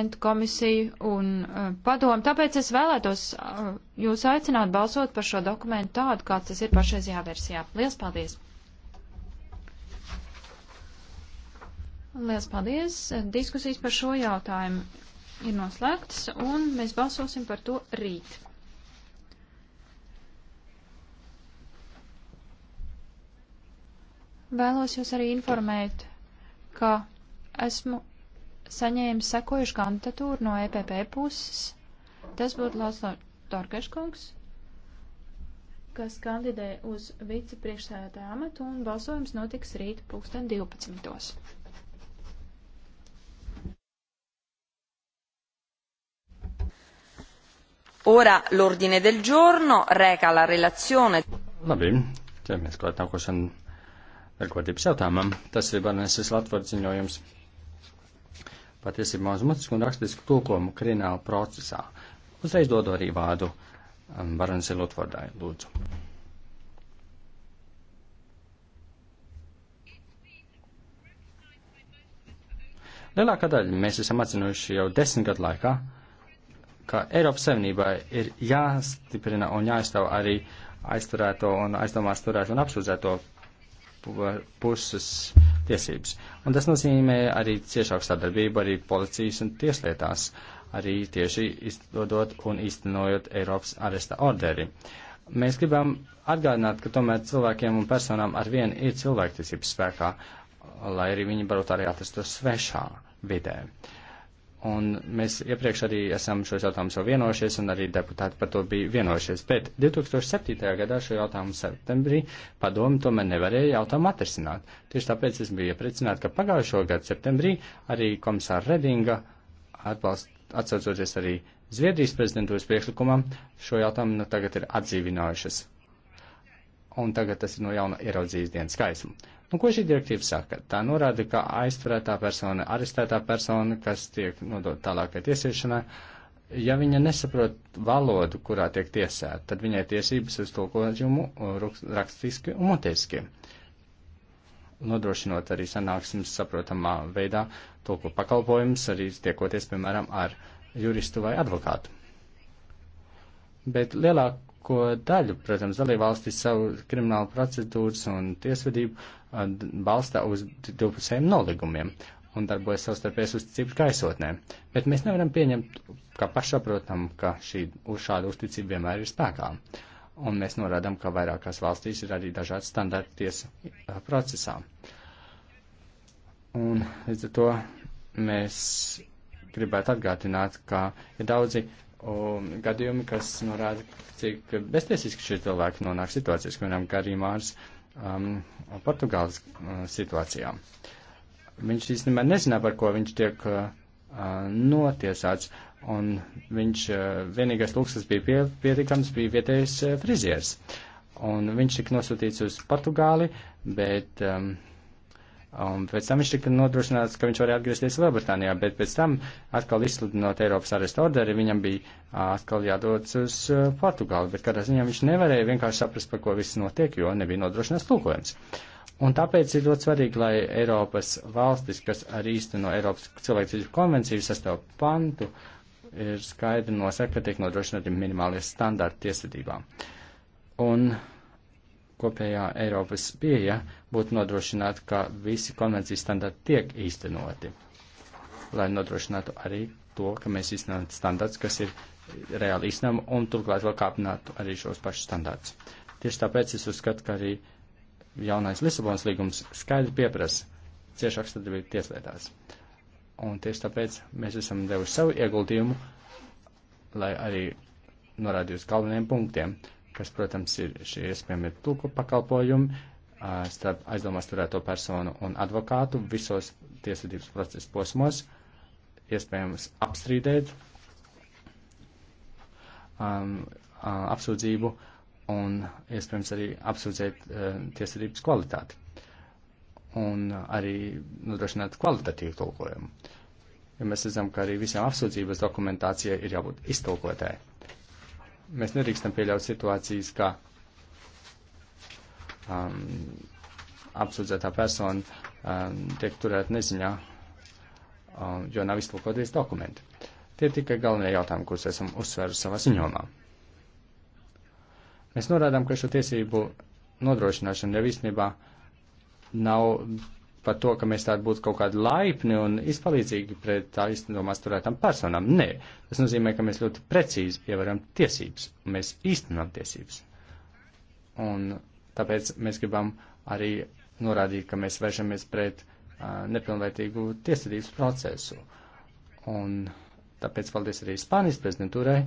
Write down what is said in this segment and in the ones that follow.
parlamentu komisiju un uh, padomu. Tāpēc es vēlētos uh, jūs aicināt balsot par šo dokumentu tādu, kāds tas ir pašreizajā versijā. Lielas paldies! Lielas paldies! Diskusijas par šo jautājumu ir noslēgtas un mēs balsosim par to rīt. Vēlos jūs arī informēt, ka esmu saņēma sekojušu kandidatūru no EPP puses. Tas būtu Laslo Torkeškungs, kas kandidē uz vicepriekšsēdētāju amatu un balsojums notiks rīt 2012. Ora l'ordine del giorno reca la relazione. Labi, ķeramies klāt nākošajam darbkārtības jautājumam. Tas ir Barneses Latvijas ziņojums patiesībā uz mutisku un rakstisku tulkojumu krimināla procesā. Uzreiz dodu arī vārdu um, Varansi Lutvardai, lūdzu. Lielākā daļa mēs esam atzinuši jau desmit gadu laikā, ka Eiropas Savienībai ir jāstiprina un jāaizstāv arī aizturēto un aizdomās turēto un apsūdzēto puses. Uh, tiesības. Un tas nozīmē arī ciešāku sadarbību arī policijas un tieslietās, arī tieši izdodot un īstenojot Eiropas aresta orderi. Mēs gribam atgādināt, ka tomēr cilvēkiem un personām ar vienu ir cilvēktiesības spēkā, lai arī viņi varbūt arī atrastos svešā vidē. Uh, Un mēs iepriekš arī esam šos jautājumus jau vienojušies, un arī deputāti par to bija vienojušies. Bet 2007. gadā šo jautājumu septembrī padomu tomēr nevarēja jautājumu atrisināt. Tieši tāpēc es biju iepriecināts, ka pagājušo gadu septembrī arī komisāra Redinga atbalst, atsaucoties arī Zviedrijas prezidentūras priekšlikumam, šo jautājumu nu tagad ir atdzīvinājušas. Un tagad tas ir no jauna ieraudzījis dienas gaismu. Nu, ko šī direktīva saka? Tā norāda, ka aizturētā persona, arestētā persona, kas tiek nodota tālākai tiesiešanai, ja viņa nesaprot valodu, kurā tiek tiesēta, tad viņai tiesības uz tulkojumu uh, rakstiski un mutiski. Nodrošinot arī sanāksmes saprotamā veidā tulku pakalpojumus, arī tiekoties, piemēram, ar juristu vai advokātu. Bet lielāka lielāko daļu, protams, dalībvalstis savu kriminālu procedūras un tiesvedību balstā uz divpusējiem noligumiem un darbojas savstarpējas uzticības gaisotnē. Bet mēs nevaram pieņemt, kā pašsaprotam, ka šī uz šāda uzticība vienmēr ir spēkā. Un mēs norādām, ka vairākās valstīs ir arī dažādi standarti tiesa procesā. Un līdz ar to mēs gribētu atgādināt, ka ir daudzi un gadījumi, kas norāda, cik beztiesiski šie cilvēki nonāk situācijas, piemēram, Karīmārs um, Portugāles uh, situācijā. Viņš īstenībā nezināja, par ko viņš tiek uh, notiesāts, un viņš uh, vienīgais lūks, kas bija pie, pietiekams, bija vietējais uh, frizieris. Un viņš tika nosūtīts uz Portugāli, bet um, Un pēc tam viņš tika nodrošināts, ka viņš varēja atgriezties Lielbritānijā, bet pēc tam, atkal izsludinot Eiropas arestu orderi, viņam bija atkal jādodas uz Portugāli, bet kādā ziņā viņš nevarēja vienkārši saprast, par ko viss notiek, jo nebija nodrošināts tulkojums. Un tāpēc ir ļoti svarīgi, lai Eiropas valstis, kas arī īsteno Eiropas cilvēktiesību konvenciju sastāv pantu, ir skaidri nosaka, ka tiek nodrošināti minimālie standarti tiesvedībām. Un kopējā Eiropas pieeja būtu nodrošināt, ka visi konvencijas standarti tiek īstenoti, lai nodrošinātu arī to, ka mēs īstenojam standarts, kas ir reāli īstenam un turklāt vēl kāpinātu arī šos pašus standarts. Tieši tāpēc es uzskatu, ka arī jaunais Lisabonas līgums skaidri pieprasa ciešāku sadarbību tieslietās. Un tieši tāpēc mēs esam devuši savu ieguldījumu, lai arī norādījusi galveniem punktiem. Uh, kas, protams, ir šie iespējami ir tulku pakalpojumi starp aizdomās turēto personu un advokātu visos tiesvedības procesa posmos, iespējams apstrīdēt um, apsūdzību un iespējams arī apsūdzēt uh, tiesvedības kvalitāti un arī nodrošināt kvalitatīvu tulkojumu. Ja mēs redzam, ka arī visām apsūdzības dokumentācijai ir jābūt iztulkotēji. Mēs nedrīkstam pieļaut situācijas, kā um, apsūdzētā persona um, tiek turēta neziņā, um, jo nav iztulkoties dokumenti. Tie ir tikai galvenie jautājumi, kurus esam uzsvēruši savā ziņomā. Mēs norādām, ka šo tiesību nodrošināšana jau īstenībā nav par to, ka mēs tādu būtu kaut kādi laipni un izpalīdzīgi pret tā īstendomās turētām personām. Nē, tas nozīmē, ka mēs ļoti precīzi ievaram tiesības, mēs īstenam tiesības. Un tāpēc mēs gribam arī norādīt, ka mēs vēršamies pret uh, nepilnvērtīgu tiesvedības procesu. Un tāpēc paldies arī Spānijas prezidentūrai,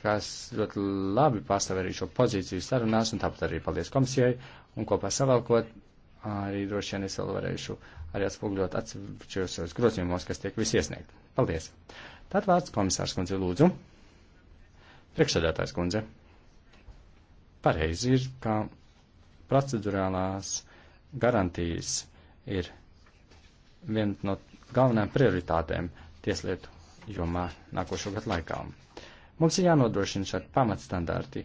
kas ļoti labi pārstāv arī šo pozīciju sarunās, un tāpat arī paldies komisijai, un kopā savalkot arī droši vien es vēl varēšu arī atspūgļot atsevišķos grozījumos, kas tiek visi iesniegt. Paldies! Tad vārds komisārs kundze lūdzu. Priekšsēdētājs kundze. Pareizi ir, ka procedurālās garantijas ir viena no galvenajām prioritātēm tieslietu jomā nākošo gadu laikā. Mums ir jānodrošina šādi pamatstandarti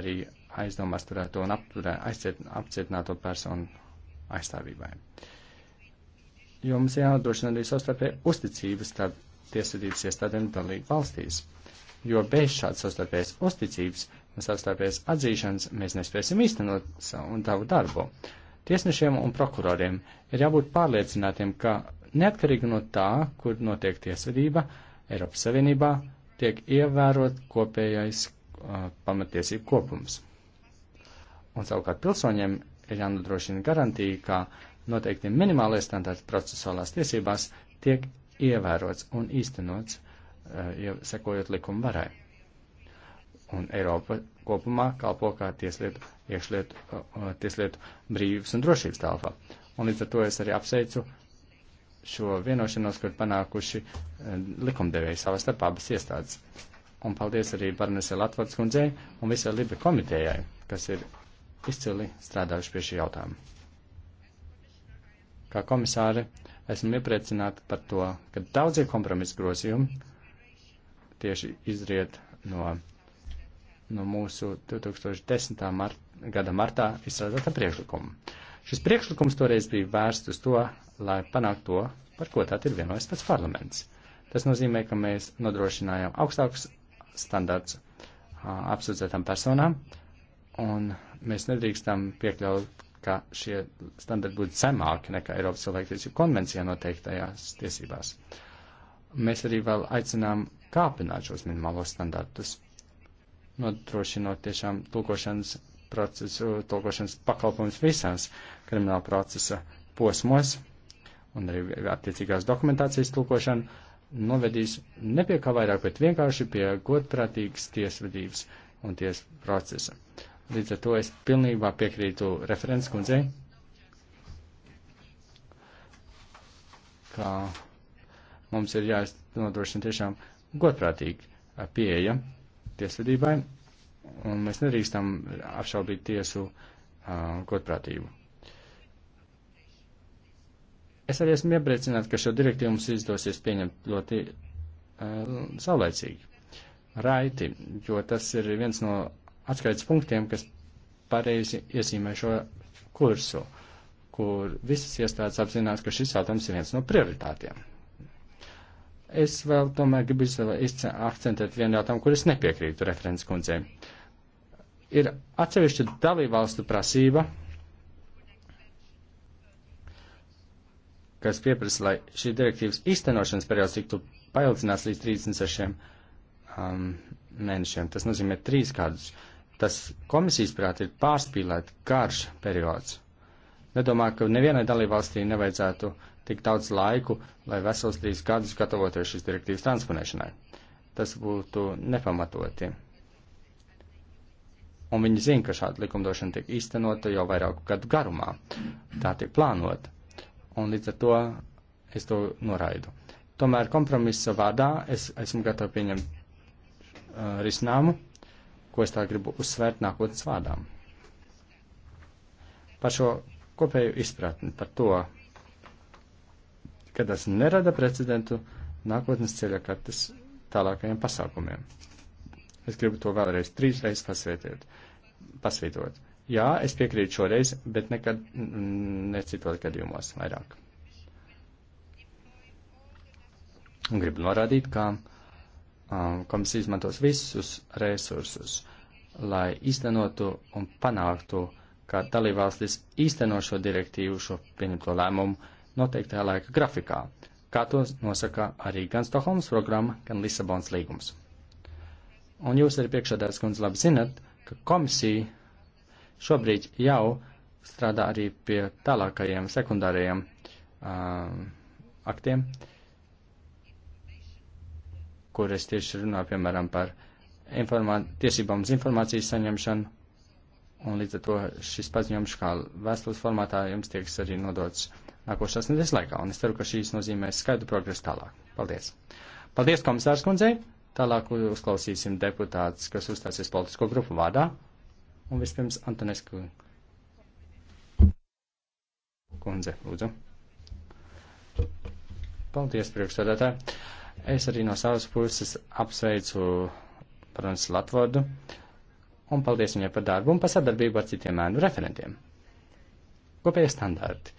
arī aizdomās turēto un apturē, apcietināto personu aizstāvībai. Jo mums jānodrošina arī savstarpēja uzticības starp tiesvedības iestādēm dalību valstīs, jo bez šādas savstarpējas uzticības un savstarpējas atzīšanas mēs nespēsim īstenot savu tavu darbu. Tiesnešiem un prokuroriem ir jābūt pārliecinātiem, ka neatkarīgi no tā, kur notiek tiesvedība, Eiropas Savienībā tiek ievērot kopējais uh, pamatiesību kopums. Un savukārt pilsoņiem ir jānodrošina garantija, ka noteikti minimālais standarts procesuālās tiesībās tiek ievērots un īstenots, eh, ja sekojot likuma varai. Un Eiropa kopumā kalpo kā tieslietu, iekšlietu, eh, eh, tieslietu brīvības un drošības telpa. Un līdz ar to es arī apsveicu šo vienošanos, kur panākuši likumdevēji savā starpā abas iestādes. Un paldies arī Barnesē Latvārds kundzei un visai Libe komitejai, kas ir izcili strādājuši pie šī jautājuma. Kā komisāri, esmu iepriecināta par to, ka daudzie kompromisa grozījumi tieši izriet no, no mūsu 2010. Mart, gada martā izstrādāta priekšlikuma. Šis priekšlikums toreiz bija vērsts uz to, lai panāktu to, par ko tātad ir vienojas pats parlaments. Tas nozīmē, ka mēs nodrošinājām augstākus standārts apsūdzētām personām, un mēs nedrīkstam piekļaut, ka šie standarti būtu zemāki nekā Eiropas cilvēktiesību konvencijā noteiktajās tiesībās. Mēs arī vēl aicinām kāpināt šos minimālos standartus, nodrošinot tiešām tulkošanas procesu, tulkošanas pakalpojums visās krimināla procesa posmos un arī attiecīgās dokumentācijas tulkošana novedīs ne pie kā vairāk, bet vienkārši pie godprātīgas tiesvedības un tiesas procesa. Uh, Līdz ar to es pilnībā piekrītu referents kundzei, ka mums ir jānodrošina tiešām godprātīga pieeja tiesvedībai, un mēs nedrīkstam apšaubīt tiesu uh, godprātību. Es arī esmu iepriecināts, ka šo direktīvu mums izdosies pieņemt ļoti uh, saulēcīgi, raiti, jo tas ir viens no atskaits punktiem, kas pareizi iezīmē šo kursu, kur visas iestādes apzinās, ka šis jautājums ir viens no prioritātiem. Es vēl tomēr gribu akcentēt vienu jautājumu, kur es nepiekrītu referents kundzei. Ir atsevišķa dalībvalstu prasība, kas pieprasa, lai šī direktīvas īstenošanas periods tiktu paildzināts līdz 36 um, mēnešiem. Tas nozīmē trīs kādus. Uh, Tas komisijas prāt ir pārspīlēt garš periods. Nedomāju, ka nevienai dalībvalstī nevajadzētu tik daudz laiku, lai vesels trīs gadus gatavoties šīs direktīvas transponēšanai. Tas būtu nepamatoti. Un viņi zina, ka šāda likumdošana tiek īstenota jau vairāku gadu garumā. Tā tiek plānota. Un līdz ar to es to noraidu. Tomēr kompromisa vārdā es esmu gatavs pieņemt uh, risinājumu, ko es tā gribu uzsvērt nākotnes vārdām. Par šo kopēju izpratni, par to, ka tas nerada precedentu nākotnes ceļa kartes tālākajiem pasākumiem. Es gribu to vēlreiz trīs reizes pasvietiet, pasvītot. Jā, es piekrītu šoreiz, bet nekad mm, necitos gadījumos vairāk. Un gribu norādīt, ka Um, komisija izmantos visus resursus, lai īstenotu un panāktu, ka dalībvalstis īsteno šo direktīvu, šo pieņemto lēmumu noteiktajā laika grafikā, kā to nosaka arī gan Stokholmas programma, gan Lisabons līgums. Un jūs arī priekšādās kundze labi zinat, ka komisija šobrīd jau strādā arī pie tālākajiem sekundāriem um, aktiem, uh, kur es tieši runāju, piemēram, par tiesībām uz informācijas saņemšanu, un līdz ar to šis paziņojums kā vēstules formātā jums tieks arī nodots nākošās nedēļas laikā, un es ceru, ka šīs nozīmēs skaidru progresu tālāk. Paldies! Paldies, komisārs kundzei! Tālāk uzklausīsim deputāts, kas uzstāsies politisko grupu vārdā, un vispirms Antonesku kundze, lūdzu. Paldies, priekšsēdētāji! Es arī no savas puses apsveicu, protams, Latvodu un paldies viņai par darbu un par sadarbību ar citiem ēnu referentiem. Kopējie standarti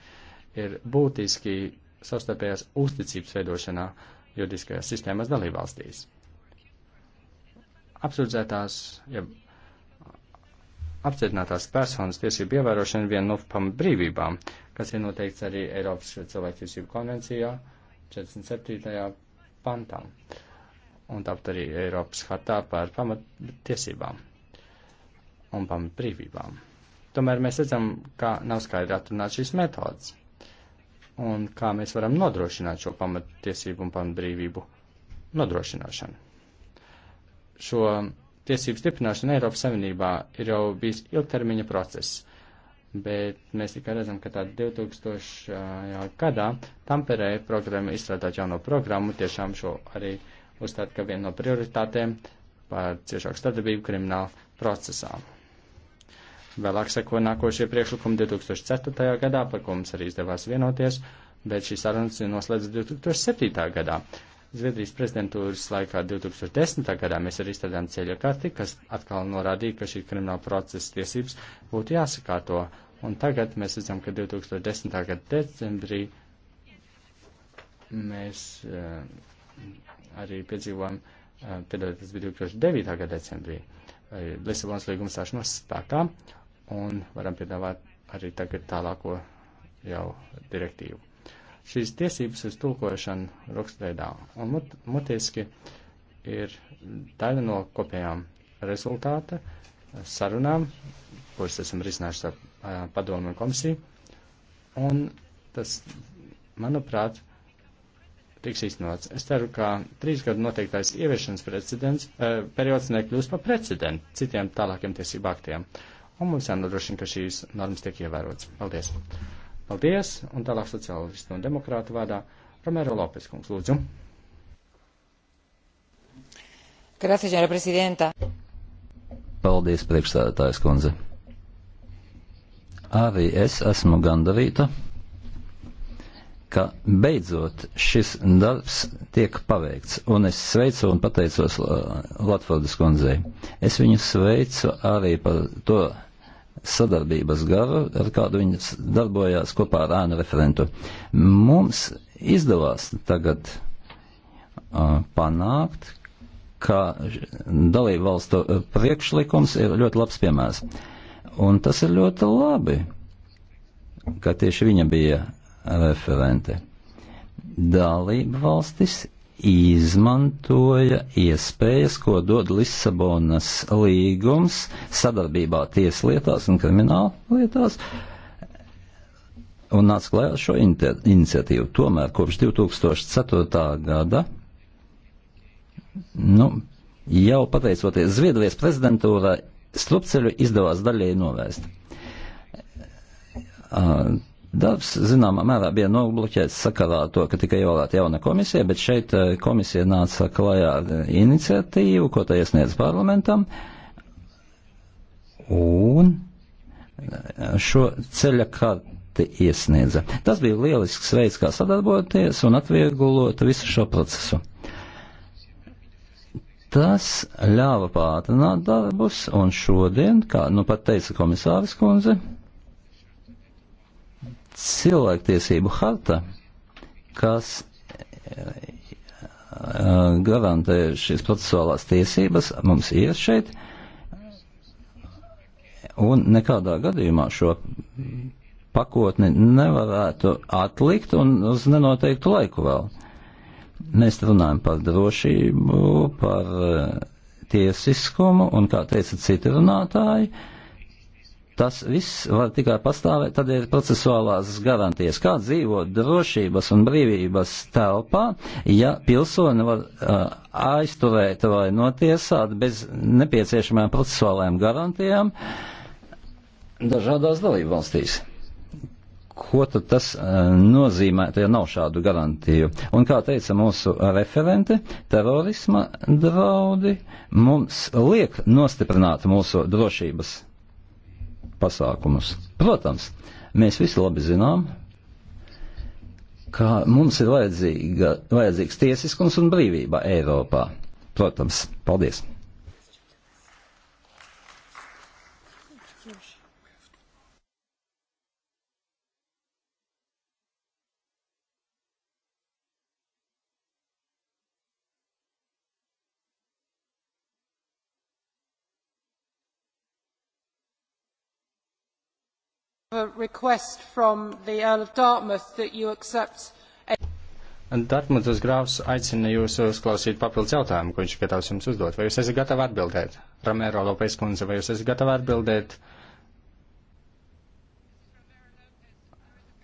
ir būtiski savstarpējās uzticības veidošanā juridiskajās sistēmas dalībvalstīs. Apsūdzētās, ja apcietinātās personas tiesību ievērošana viena no pamatbrīvībām, kas ir noteikts arī Eiropas cilvēktiesību konvencijā 47 pantam. Un tāpat arī Eiropas hartā par pamattiesībām un pamatbrīvībām. Tomēr mēs redzam, ka nav skaidri atrunāt šīs metodas un kā mēs varam nodrošināt šo pamatiesību un pamatbrīvību nodrošināšanu. Šo tiesību stiprināšana Eiropas Savienībā ir jau bijis ilgtermiņa process bet mēs tikai redzam, ka tādā 2000. gadā Tamperē programma izstrādāt jauno programmu, tiešām šo arī uzstāt, ka viena no prioritātēm par ciešāku sadarbību kriminālu procesā. Vēlāk seko nākošie priekšlikumi 2004. gadā, par ko mums arī izdevās vienoties, bet šīs sarunas noslēdz 2007. gadā. Zviedrijas prezidentūras laikā 2010. gadā mēs arī izstrādājām ceļa karti, kas atkal norādīja, ka šī krimināla procesa tiesības būtu jāsakārto. Un tagad mēs redzam, ka 2010. gada decembrī mēs uh, arī piedzīvojam, uh, eh, piedodiet, tas bija 2009. gada decembrī, uh, Lisabonas līguma stāšanos spēkā, un varam piedāvāt arī tagad tālāko jau direktīvu šīs tiesības uz tulkošanu rakstveidā un mut, mutiski ir daļa no kopējām rezultāta sarunām, kuras esam risinājuši ar padomu un komisiju. Un tas, manuprāt, tiks iznots. Es ceru, ka trīs gadu noteiktais ieviešanas precedents, periods nekļūs par precedentu citiem tālākiem tiesību aktiem. Un mums jānodrošina, ka šīs normas tiek ievērotas. Paldies! Paldies, un tālāk sociālistu un demokrātu vārdā Romero Lopes kungs, lūdzu. Gracias, señora presidenta. Paldies, priekšstādātājs kundze. Arī es esmu gandavīta, ka beidzot šis darbs tiek paveikts, un es sveicu un pateicos uh, Latvordas kundzei. Es viņu sveicu arī par to sadarbības garu, ar kādu viņas darbojās kopā ar ēnu referentu. Mums izdevās tagad uh, panākt, ka dalību valstu priekšlikums ir ļoti labs piemērs. Un tas ir ļoti labi, ka tieši viņa bija referente. Dalība valstis izmantoja iespējas, ko dod Lisabonas līgums sadarbībā tieslietās un krimināla lietās, un nāca klajā šo iniciatīvu. Tomēr kopš 2004. gada, nu, jau pateicoties Zviedrijas prezidentūrai, strupceļu izdevās daļēji novērst. Uh, Darbs, zināmā mērā, bija nobloķēts sakarā ar to, ka tika ievēlēta jauna komisija, bet šeit eh, komisija nāca klajā ar iniciatīvu, ko tā iesniedz parlamentam. Un eh, šo ceļa karti iesniedza. Tas bija lielisks veids, kā sadarboties un atvieglot visu šo procesu. Tas ļāva pātrināt darbus, un šodien, kā nu pat teica komisāris kundze, cilvēktiesību harta, kas eh, garantē šīs procesuālās tiesības, mums ir šeit, un nekādā gadījumā šo pakotni nevarētu atlikt un uz nenoteiktu laiku vēl. Mēs runājam par drošību, par eh, tiesiskumu, un, kā teica citi runātāji, uh, Tas viss var tikai pastāvēt, tad ir procesuālās garantijas. Kā dzīvot drošības un brīvības telpā, ja pilsoni var uh, aizturēt vai notiesāt bez nepieciešamajām procesuālajām garantijām dažādās dalību valstīs? Ko tad tas uh, nozīmē, ja nav šādu garantiju? Un kā teica mūsu referente, terorisma draudi mums liek nostiprināt mūsu drošības pasākumus. Protams, mēs visi labi zinām, ka mums ir vajadzīga, vajadzīgs tiesiskums un brīvība Eiropā. Protams, paldies! request from the Earl of Dartmouth that you accept a... Dartmouthas grāfs aicina jūs uzklausīt papildus jautājumu, ko viņš gatavs jums uzdot. Vai jūs esat gatavi atbildēt? Ramēro Lopes kundze, vai jūs esat gatavi atbildēt?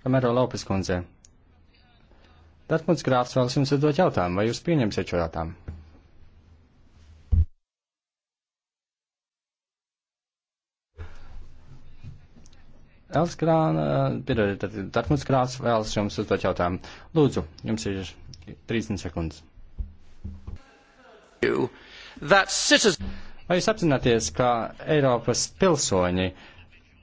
Ramēro Lopes kundze. Dartmouths grāfs vēlas jums uzdot jautājumu, vai jūs pieņemsiet šo jautājumu? Elis Krāna, piedodiet, Tarkmuts Krāns vēlas jums uzdot jautājumu. Lūdzu, jums ir 30 sekundes. Vai jūs apzināties, ka Eiropas pilsoņi,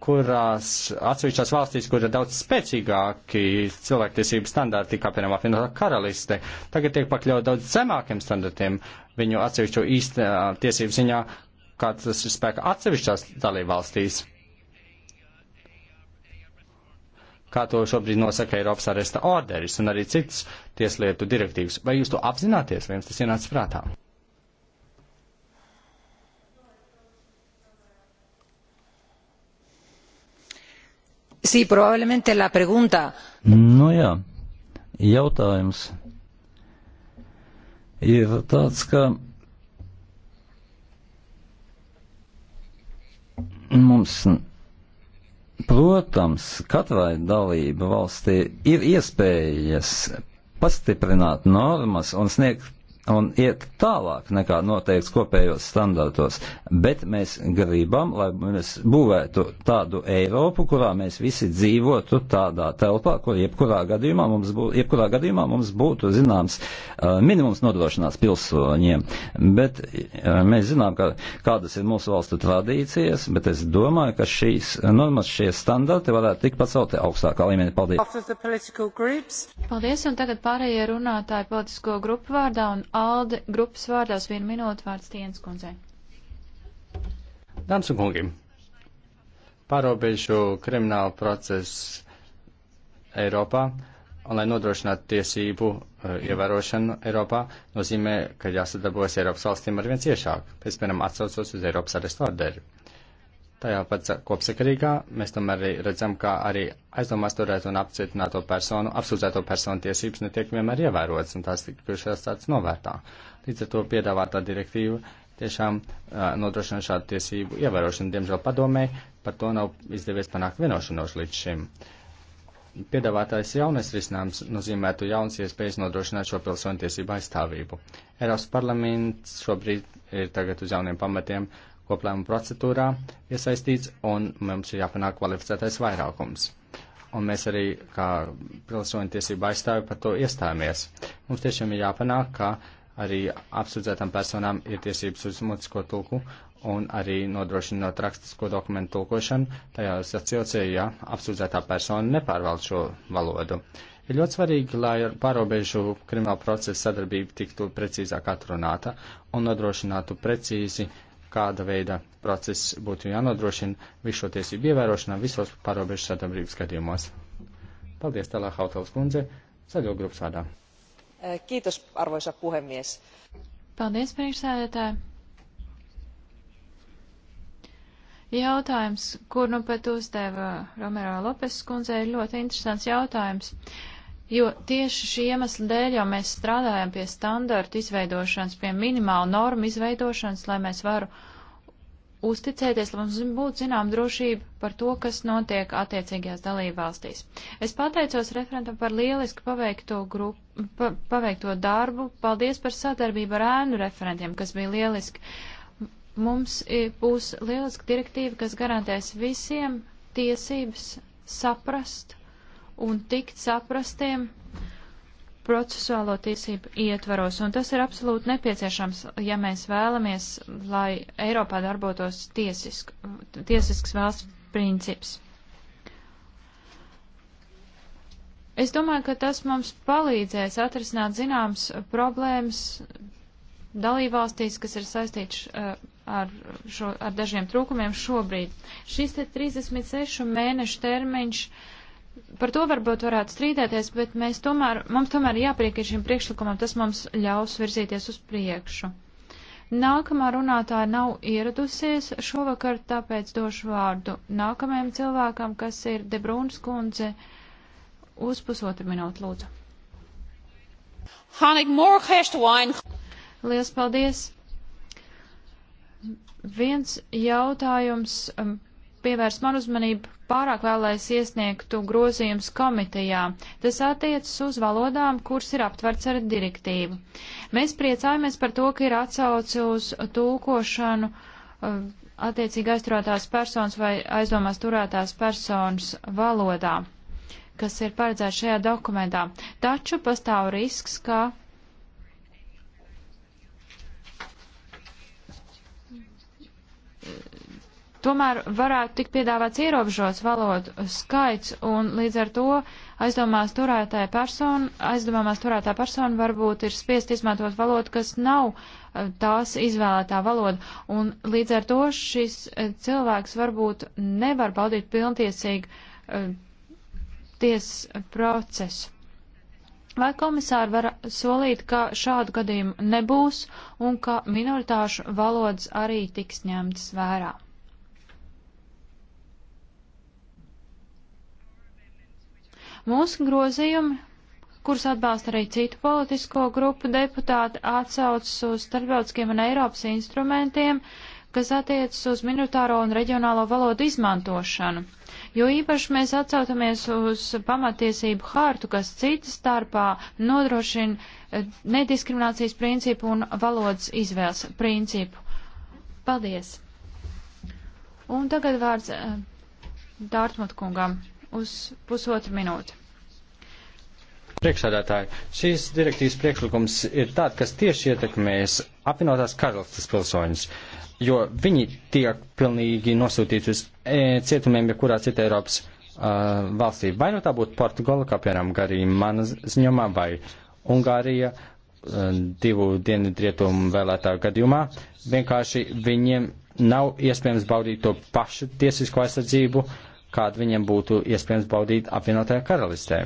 kurās atsevišķās valstīs, kur ir daudz spēcīgāki cilvēktiesību standarti, kā piemēram apvienotā karaliste, tagad tiek pakļaut daudz zemākiem standartiem viņu atsevišķo īstā tiesību ziņā, kā tas ir spēka atsevišķās dalībvalstīs? valstīs? kā to šobrīd nosaka Eiropas aresta orderis un arī citas tieslietu direktīvas. Vai jūs to apzināties, vai jums tas ienāca prātā? Sí, probablemente la pregunta. Nu jā, jautājums ir tāds, ka mums Protams, katrai dalība valstī ir iespējas pastiprināt normas un sniegt un iet tālāk nekā noteikts kopējos standartos, bet mēs gribam, lai mēs būvētu tādu Eiropu, kurā mēs visi dzīvotu tādā telpā, kur jebkurā gadījumā mums, bū, jebkurā gadījumā mums būtu zināms uh, minimums nodrošinās pilsoņiem. Bet uh, mēs zinām, ka, kādas ir mūsu valstu tradīcijas, bet es domāju, ka šīs normas, šie standarti varētu tikt pacelti augstākā līmenī. Paldies! Paldies, un tagad pārējie runātāji politisko grupu vārdā un Alde grupas vārdās vienu minūtu vārds Tienas kundzei. Dāmas un kungi, pārobežu kriminālu procesu Eiropā, un lai nodrošinātu tiesību eh, ievērošanu Eiropā, nozīmē, ka jāsadarbojas Eiropas valstīm ar viens ciešāk, pēc, piemēram, atsaucos uz Eiropas arestu orderi. Tajā pat kopsakarīgā mēs tomēr arī redzam, ka arī aizdomās turēt un apcietināto personu, apsūdzēto personu tiesības netiek vienmēr ievērotas, un tās tikušās tāds novērtā. Līdz ar to piedāvātā direktīva tiešām nodrošina šādu tiesību ievērošanu. Diemžēl padomē par to nav izdevies panākt vienošanos līdz šim. Piedāvātais jaunais risinājums nozīmētu jauns iespējas nodrošināt šo pilsoņu tiesību aizstāvību. Eiropas parlaments šobrīd ir tagad uz jauniem pamatiem uh, koplēmu procedūrā iesaistīts, un mums ir jāpanāk kvalificētais vairākums. Un mēs arī, kā pilsoņu tiesību aizstāvi, par to iestājāmies. Mums tiešām ir jāpanāk, ka arī apsūdzētām personām ir tiesības uz mutisko tulku un arī nodrošinot rakstisko dokumentu tulkošanu tajā situācijā, ja apsūdzētā persona nepārvalda šo valodu. Ir ļoti svarīgi, lai pārobežu krimināla procesa sadarbība tiktu precīzāk atrunāta un nodrošinātu precīzi uh, kāda veida process būtu jānodrošina visu šo tiesību ievērošanā visos pārobežu sadarbības gadījumos. Paldies, Tālā Hautals kundze, zaļo grupas vārdā. Eh, Kītos, arvoisa puhemies. Paldies, priekšsēdētāji. Jautājums, kur nu pat uzdeva Romero Lopes kundze, ir ļoti interesants jautājums. Uh, Jo tieši šī iemesla dēļ jau mēs strādājam pie standartu izveidošanas, pie minimālu normu izveidošanas, lai mēs varu uzticēties, lai mums būtu zinām drošība par to, kas notiek attiecīgajās dalībvalstīs. Es pateicos referentam par lielisku paveikto, grupu, pa, paveikto darbu. Paldies par sadarbību ar ēnu referentiem, kas bija lieliski. Mums būs lieliska direktīva, kas garantēs visiem tiesības saprast un tikt saprastiem procesuālo tiesību ietvaros, un tas ir absolūti nepieciešams, ja mēs vēlamies, lai Eiropā darbotos tiesisk, tiesisks valsts princips. Es domāju, ka tas mums palīdzēs atrisināt zināmas problēmas dalībvalstīs, kas ir saistīts uh, ar, šo, ar dažiem trūkumiem šobrīd. Šis te 36 mēnešu termiņš uh, par to varbūt varētu strīdēties, bet mēs tomēr, mums tomēr jāpriek ir šim priekšlikumam, tas mums ļaus virzīties uz priekšu. Nākamā runātāja nav ieradusies šovakar, tāpēc došu vārdu nākamajam cilvēkam, kas ir Debrūns kundze, uz pusotru minūtu lūdzu. Liels paldies! Viens jautājums um, pievērst manu uzmanību pārāk vēl, lai es iesniegtu grozījums komitejā. Tas attiecas uz valodām, kuras ir aptverts ar direktīvu. Mēs priecājamies par to, ka ir atsauci uz tulkošanu eh, attiecīgi aizturētās personas vai aizdomās turētās personas valodā kas ir paredzēts šajā dokumentā. Taču pastāv risks, ka tomēr varētu tik piedāvāts ierobežots valodu skaits, un līdz ar to aizdomās turētāja persona, aizdomās turētā persona varbūt ir spiest izmantot valodu, kas nav eh, tās izvēlētā valoda, un līdz ar to šis eh, cilvēks varbūt nevar baudīt pilntiesīgu uh, eh, tiesas procesu. Vai komisāri var solīt, ka šādu gadījumu nebūs un ka minoritāšu valodas arī tiks ņemtas vērā? Mūsu grozījumi, kurus atbalsta arī citu politisko grupu deputāti, atsaucas uz starptautiskiem un Eiropas instrumentiem, kas attiecas uz minoritāro un reģionālo valodu izmantošanu. Jo īpaši mēs atsaucamies uz pamatiesību hārtu, kas citas starpā nodrošina eh, nediskriminācijas principu un valodas izvēles principu. Paldies! Un tagad vārds eh, Dārtmut kungam uz pusotru minūti. Priekšsādātāji, šīs direktīvas priekšlikums ir tāds, kas tieši ietekmēs apvienotās karalistas pilsoņus, jo viņi tiek pilnīgi nosūtīti uz e, cietumiem, ja kurā cita Eiropas uh, valstī. Vai nu tā būtu Portugala, kā piemēram Garija manas ziņomā, vai Ungārija, uh, divu dienu rietumu vēlētāju gadījumā, vienkārši viņiem nav iespējams baudīt to pašu tiesisko aizsardzību, kādu viņiem būtu iespējams baudīt apvienotajā karalistē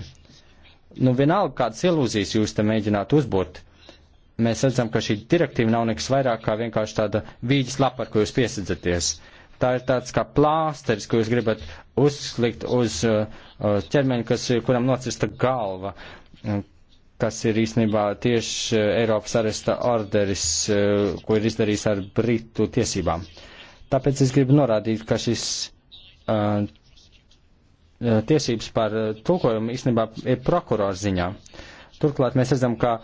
nu vienalga, kādas ilūzijas jūs te mēģināt uzbūrt. Mēs redzam, ka šī direktīva nav nekas vairāk kā vienkārši tāda vīģis lapa, ar ko jūs piesadzaties. Tā ir tāds kā plāsteris, ko jūs gribat uzlikt uz uh, uh ķermeņa, kas, kuram nocista galva, kas ir īstenībā tieši uh, Eiropas aresta orderis, uh, ko ir izdarījis ar Britu tiesībām. Tāpēc es gribu norādīt, ka šis uh, Eh, tiesības par eh, tulkojumu īstenībā ir prokurors ziņā. Turklāt mēs redzam, ka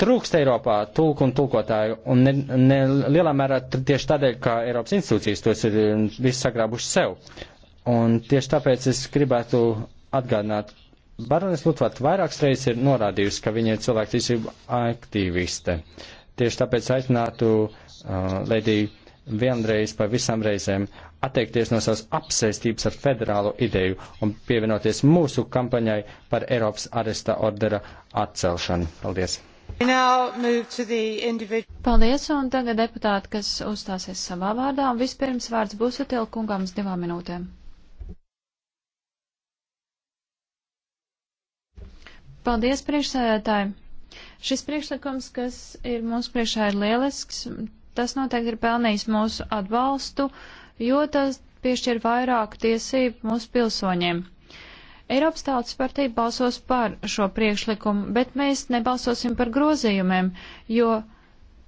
trūkst Eiropā tulku un tulkotāju, un ne, ne lielā mērā tieši tādēļ, ka Eiropas institūcijas tos ir eh, visu sagrābuši sev. Un tieši tāpēc es gribētu atgādināt, Baronis Lutvart vairākas reizes ir norādījusi, ka viņa ir cilvēktiesība aktīviste. Tieši tāpēc aicinātu uh, Lediju vienreiz pa visām reizēm atteikties no savas apsēstības ar federālo ideju un pievienoties mūsu kampaņai par Eiropas aresta ordera atcelšanu. Paldies! Paldies, un tagad deputāti, kas uzstāsies savā vārdā, un vispirms vārds būs atil kungām uz divām minūtēm. Paldies, priekšsēdētāji! Šis priekšlikums, kas ir mūsu priekšā, ir lielisks. Tas noteikti ir pelnījis mūsu atbalstu. Uh, jo tas piešķir vairāk tiesību mūsu pilsoņiem. Eiropas Tautas partija balsos par šo priekšlikumu, bet mēs nebalsosim par grozījumiem, jo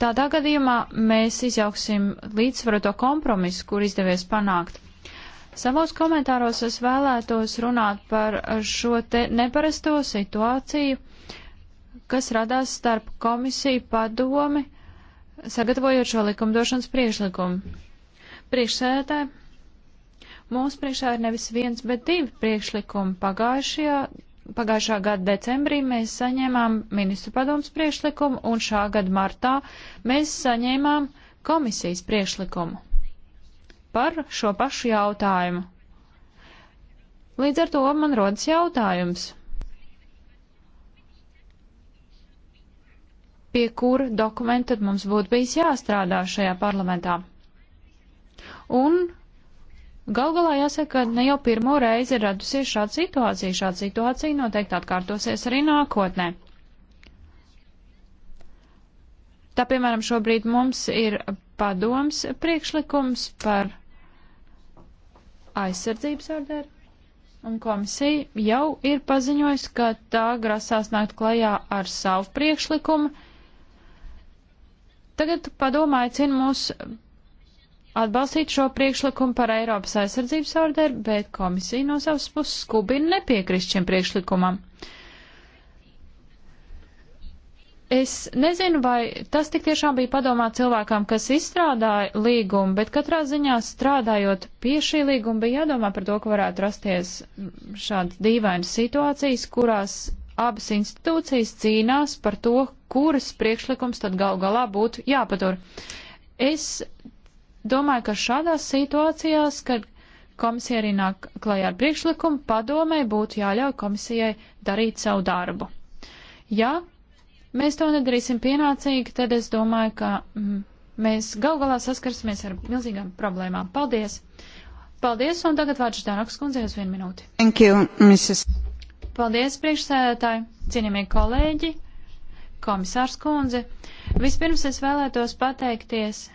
tādā gadījumā mēs izjauksim līdzsvaroto kompromisu, kur izdevies panākt. Savos komentāros es vēlētos runāt par šo te neparasto situāciju, kas radās starp komisiju padomi, sagatavojot šo likumdošanas priešlikumu. Priekšsēdētāji, mūsu priekšā ir nevis viens, bet divi priekšlikumi. Pagājušajā, pagājušā gada decembrī mēs saņēmām ministru padomus priekšlikumu un šā gada martā mēs saņēmām komisijas priekšlikumu par šo pašu jautājumu. Līdz ar to man rodas jautājums. pie kura dokumenta tad mums būtu bijis jāstrādā šajā parlamentā. Un gal galā jāsaka, ka ne jau pirmo reizi ir radusies šāda situācija. Šāda situācija noteikti atkārtosies arī nākotnē. Tā piemēram, šobrīd mums ir padoms priekšlikums par aizsardzības orderu, un komisija jau ir paziņojusi, ka tā grasās nākt klajā ar savu priekšlikumu. Tagad padomājiet, cien mūs atbalstīt šo priekšlikumu par Eiropas aizsardzības orderu, bet komisija no savas puses skubina nepiekrist šiem priekšlikumam. Es nezinu, vai tas tik tiešām bija padomā cilvēkam, kas izstrādāja līgumu, bet katrā ziņā strādājot pie šī līguma bija jādomā par to, ka varētu rasties šādas dīvainas situācijas, kurās abas institūcijas cīnās par to, kuras priekšlikums tad gal galā būtu jāpatur. Es Domāju, ka šādās situācijās, kad komisija arī nāk klajā ar priekšlikumu, padomē būtu jāļauj komisijai darīt savu darbu. Ja mēs to nedarīsim pienācīgi, tad es domāju, ka mm, mēs gal galā saskarsimies ar milzīgām problēmām. Paldies! Paldies, un tagad vārds Dāraks kundzei uz vienu minūti. Thank you, Mrs. Paldies, priekšsēdētāji, cienījamie kolēģi, komisārs kundze. Vispirms es vēlētos pateikties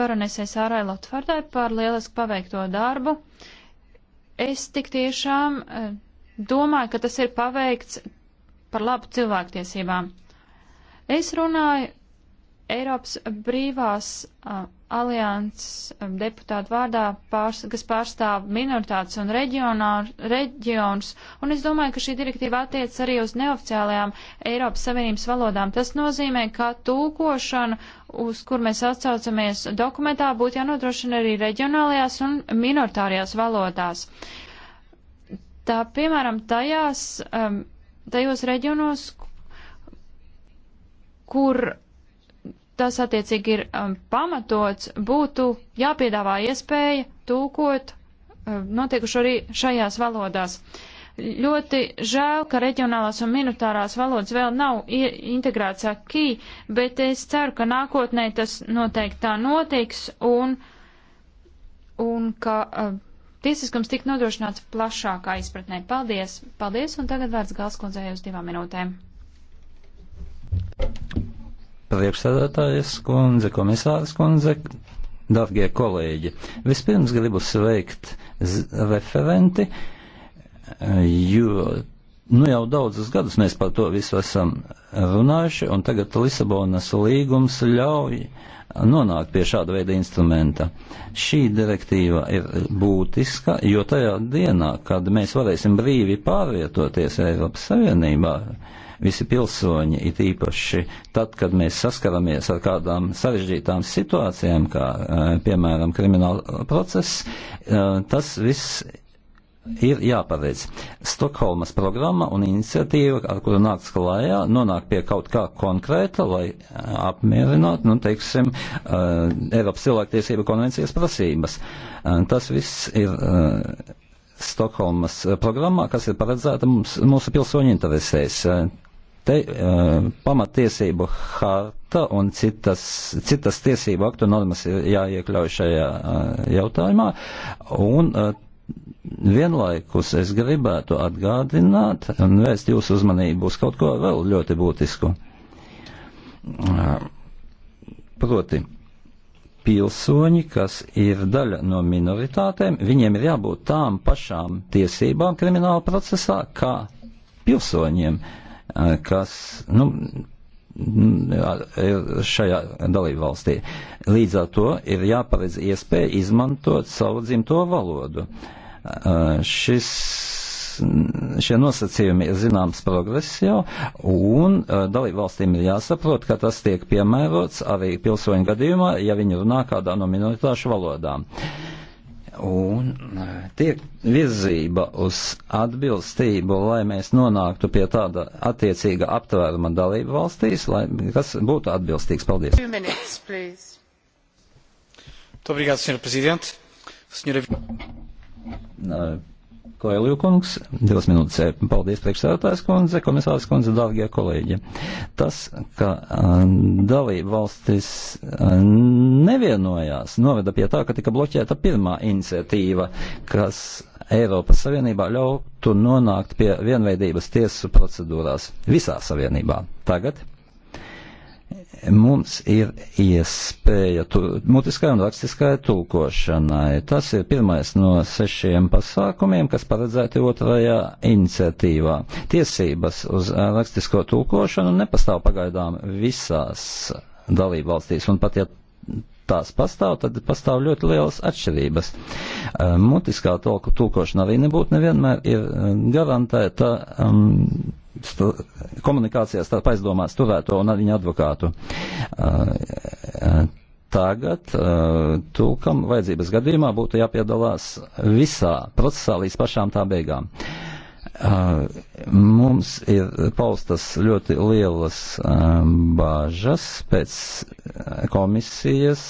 baronesē Sārai Latvardai par lielisku paveikto darbu. Es tik tiešām eh, domāju, ka tas ir paveikts par labu cilvēktiesībām. Es runāju Eiropas brīvās uh, alianses um, deputātu vārdā, pārs, kas pārstāv minoritātes un reģionus, un es domāju, ka šī direktīva attiec arī uz neoficiālajām Eiropas Savienības valodām. Tas nozīmē, ka tūkošana, uz kur mēs atsaucamies dokumentā, būtu jānodrošina arī reģionālajās un minoritārajās valodās. Tā, piemēram, tajās, um, tajos reģionos, kur tas attiecīgi ir um, pamatots, būtu jāpiedāvā iespēja tūkot um, notiekušo arī šajās valodās. Ļoti žēl, ka reģionālās un minutārās valodas vēl nav integrēts akī, bet es ceru, ka nākotnē tas noteikti tā notiks un, un ka um, tiesiskums tik nodrošināts plašākā izpratnē. Paldies! Paldies! Un tagad vārds Galskundzei uz divām minūtēm. Priekšsēdētājas kundze, komisārs kundze, darbie kolēģi. Vispirms gribu sveikt referenti, jo nu jau daudzus gadus mēs par to visu esam runājuši, un tagad Lisabonas līgums ļauj nonākt pie šāda veida instrumenta. Šī direktīva ir būtiska, jo tajā dienā, kad mēs varēsim brīvi pārvietoties Eiropas Savienībā, uh, visi pilsoņi, it īpaši tad, kad mēs saskaramies ar kādām sarežģītām situācijām, kā e, piemēram krimināla process, e, tas viss ir jāpareic. Stokholmas programma un iniciatīva, ar kuru nāks klājā, nonāk pie kaut kā konkrēta, lai e, apmierinātu, nu, teiksim, uh, Eiropas cilvēktiesība konvencijas prasības. Uh, tas viss ir. Uh, Stokholmas programmā, kas ir paredzēta mums, mūsu pilsoņu interesēs. Uh, te, uh, pamatiesību harta un citas, citas tiesību aktu normas ir jāiekļauj šajā uh, jautājumā. Un, uh, Vienlaikus es gribētu atgādināt un vērst jūsu uzmanību uz kaut ko vēl ļoti būtisku. Proti, pilsoņi, kas ir daļa no minoritātēm, viņiem ir jābūt tām pašām tiesībām krimināla procesā kā pilsoņiem. Uh, Eh, kas, nu, šajā dalību valstī. Līdz ar to ir jāparedz iespēja izmantot savu dzimto valodu. Eh, šis, šie nosacījumi ir zināms progress jau, un eh, dalību valstīm ir jāsaprot, ka tas tiek piemērots arī pilsoņu gadījumā, ja viņi runā kādā no minoritāšu valodām. Uh, un e, tiek virzība uz atbilstību, lai mēs nonāktu pie tāda attiecīga aptvēruma dalību valstīs, lai kas būtu atbilstīgs. Paldies. Minutes, Obrigado, Sr. Presidente. Senhora... E, Koeliju kungs, divas minūtes. Paldies, priekšsēdētājs kundze, komisārs kundze, dārgie kolēģi. Tas, ka dalība valstis nevienojās, noveda pie tā, ka tika bloķēta pirmā iniciatīva, kas Eiropas Savienībā ļautu nonākt pie vienveidības tiesu procedūrās visā Savienībā. Tagad mums ir iespēja tu, mutiskai un rakstiskai tulkošanai. Tas ir pirmais no sešiem pasākumiem, kas paredzēti otrajā iniciatīvā. Tiesības uz eh, rakstisko tulkošanu nepastāv pagaidām visās dalībvalstīs, un pat ja tās pastāv, tad pastāv ļoti lielas atšķirības. Eh, mutiskā tolku tulkošana arī nebūtu nevienmēr ir eh, garantēta um, stu, komunikācijā starp aizdomās turēto un arī advokātu. Uh, tagad uh, tūkam vajadzības gadījumā būtu jāpiedalās visā procesā līdz pašām tā beigām. Uh, Mums ir paustas ļoti lielas bāžas pēc komisijas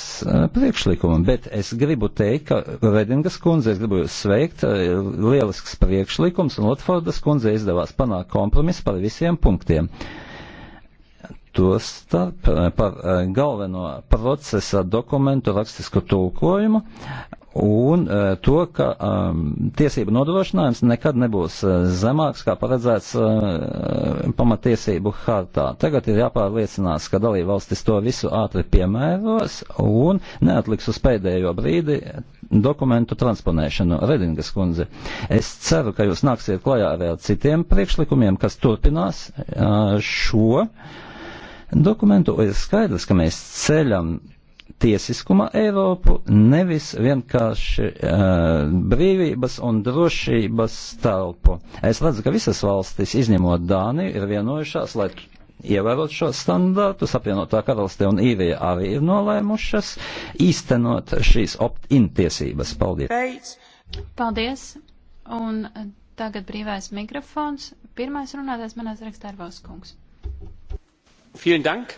priekšlikuma, bet es gribu teikt, ka Redingas kundze, es gribu jūs sveikt, lielisks priekšlikums, un Lotfordas kundze izdevās panākt kompromisu par visiem punktiem. Tostarp par galveno procesa dokumentu rakstisku tulkojumu un uh, to, ka um, tiesību nodrošinājums nekad nebūs uh, zemāks, kā paredzēts uh, pamatiesību hartā. Tagad ir jāpārliecinās, ka dalība valstis to visu ātri piemēros un neatliks uz pēdējo brīdi dokumentu transponēšanu. Redingas kundze, es ceru, ka jūs nāksiet klajā arī ar citiem priekšlikumiem, kas turpinās uh, šo dokumentu. Ir skaidrs, ka mēs ceļam tiesiskuma Eiropu, nevis vienkārši uh, brīvības un drošības telpu. Es redzu, ka visas valstis, izņemot Dāniju, ir vienojušās, lai ievērot šos standartus, apvienotā karaliste un īrija arī ir nolēmušas īstenot šīs opt-in tiesības. Paldies! Paldies! Un tagad brīvais mikrofons. Pirmais runātājs manās rakstā ir Valskungs. Vielen Dank,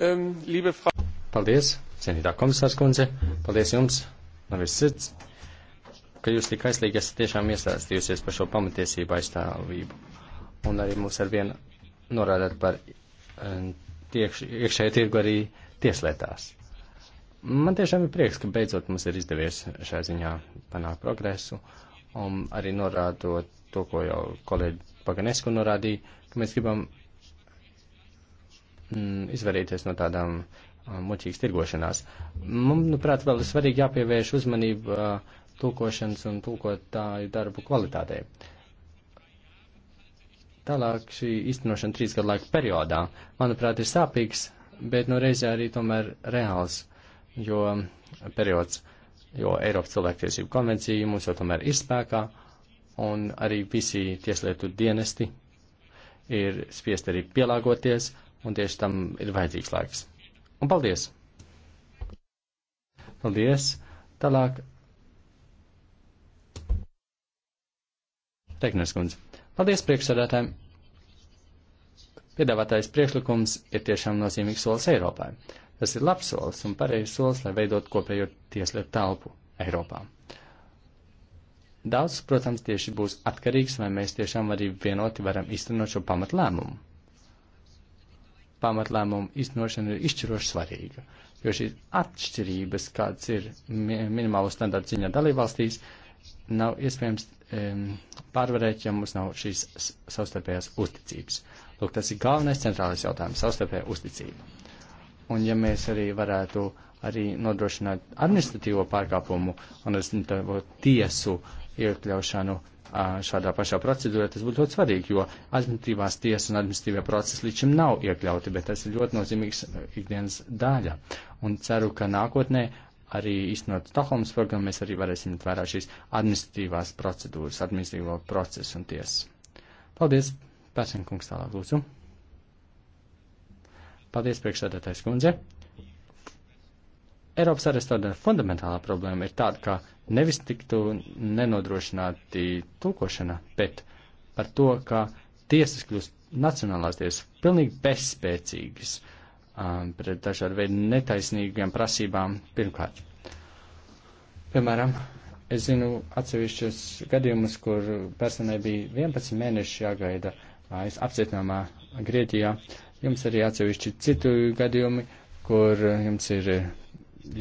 um, liebe Frau. Paldies! cienītā komisārs kundze, paldies jums no viss sirds, ka jūs tik aizlīgi esat tiešām iesaistījusies par šo pamatiesību aizstāvību. Un arī mūs ar vienu norādāt par eh, tiekš, iekšēju tirgu arī tieslietās. Man tiešām ir prieks, ka beidzot mums ir izdevies šajā ziņā panākt progresu, un arī norādot to, ko jau kolēģi Paganesku norādīja, ka mēs gribam mm, izvarīties no tādām uh, muļķīgas tirgošanās. Manuprāt, vēl ir svarīgi jāpievērš uzmanība tulkošanas un tulkotāju darbu kvalitātei. Tālāk šī īstenošana trīs gadu laika periodā, manuprāt, ir sāpīgs, bet no nu, reizē arī tomēr reāls, jo periods, jo Eiropas cilvēktiesību konvencija mums jau tomēr ir spēkā, un arī visi tieslietu dienesti ir spiest arī pielāgoties, un tieši tam ir vajadzīgs laiks. Un paldies! Paldies! Tālāk. Reikners kundze. Paldies priekšsēdētājiem! Piedāvātais priekšlikums ir tiešām nozīmīgs solis Eiropai. Tas ir labs solis un pareizs solis, lai veidot kopējo tieslietu telpu Eiropā. Daudz, protams, tieši būs atkarīgs, vai mēs tiešām arī vienoti varam iztenot šo pamatlēmumu pamatlēmumu iznošana ir izšķiroši svarīga, jo šīs atšķirības, kāds ir minimālo standartu ziņā dalībvalstīs, nav iespējams um, pārvarēt, ja mums nav šīs savstarpējās uzticības. Lūk, tas ir galvenais centrālais jautājums - savstarpējā uzticība. Un ja mēs arī varētu arī nodrošināt administratīvo pārkāpumu un administratīvo tiesu iekļaušanu šādā pašā procedūrā, tas būtu ļoti svarīgi, jo administratīvās tiesas un administratīvie procesi līdz šim nav iekļauti, bet tas ir ļoti nozīmīgs ikdienas daļa. Un ceru, ka nākotnē arī īstenot Stokholmas programmu mēs arī varēsim vērā šīs administratīvās procedūras, administratīvo procesu un tiesas. Paldies, Pērsenkungs, tālāk lūdzu. Paldies, priekšsēdētājs kundze. Eiropas arestordena fundamentālā problēma ir tāda, ka nevis tiktu nenodrošināti tulkošana, bet par to, ka tiesas kļūst nacionālās tiesas pilnīgi bezspēcīgas um, pret dažādu veidu netaisnīgiem prasībām pirmkārt. Piemēram, es zinu atsevišķus gadījumus, kur personai bija 11 mēneši jāgaida aiz apcietinājumā Grieķijā. Jums arī atsevišķi citu gadījumi, kur jums ir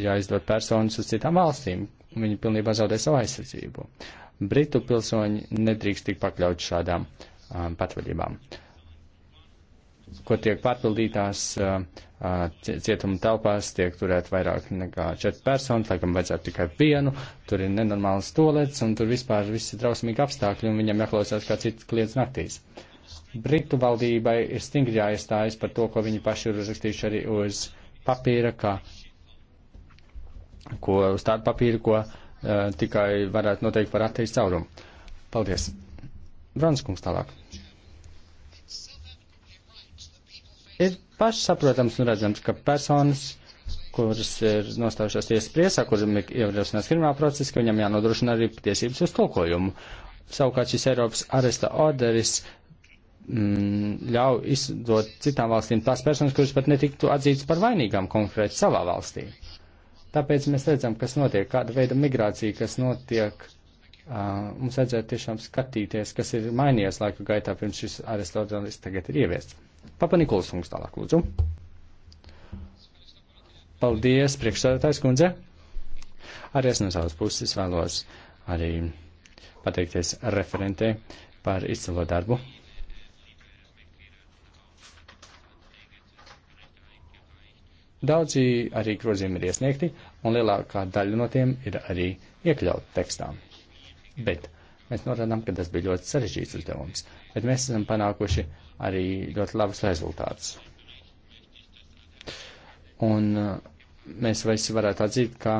jāizdod personas uz citām valstīm, viņi pilnībā zaudē savu aizsardzību. Britu pilsoņi nedrīkst tik pakļaut šādām um, patvaļībām, ko tiek pārpildītās um, uh, cietuma telpās, tiek turēt vairāk nekā četri personi, lai gan vajadzētu tikai vienu, tur ir nenormāls tolets un tur vispār viss ir drausmīgi apstākļi un viņam jāklausās kā cits klients naktīs. Britu valdībai ir stingri jāiestājas par to, ko viņi paši ir uzrakstījuši arī uz papīra, ka ko uz tādu papīru, ko uh, tikai varētu noteikt par atteist caurumu. Paldies. Bronskungs tālāk. Ir pašsaprotams un redzams, ka personas, kuras ir nostājušās tiesas priesā, kuriem ir ievērosinās krimināla procesa, ka viņam jānodrošina arī tiesības uz tulkojumu. Savukārt šis Eiropas aresta orderis mm, ļauj izdot citām valstīm tās personas, kuras pat netiktu atzītas par vainīgām konkrēti savā valstī. Uh, Tāpēc mēs redzam, kas notiek, kāda veida migrācija, kas notiek. Uh, mums vajadzētu tiešām skatīties, kas ir mainījies laika gaitā, pirms šis arestu ordenis tagad ir ieviests. Papa Nikolas kungs tālāk, lūdzu. Paldies, priekšsādātājs kundze. Arī es no savas puses vēlos arī pateikties referentē par izcilo darbu. Daudzi arī grozījumi ir iesniegti, un lielākā daļa no tiem ir arī iekļauta tekstā. Bet mēs norādām, ka tas bija ļoti sarežģīts uzdevums, bet mēs esam panākuši arī ļoti labus rezultātus. Un uh, mēs visi varētu atzīt, ka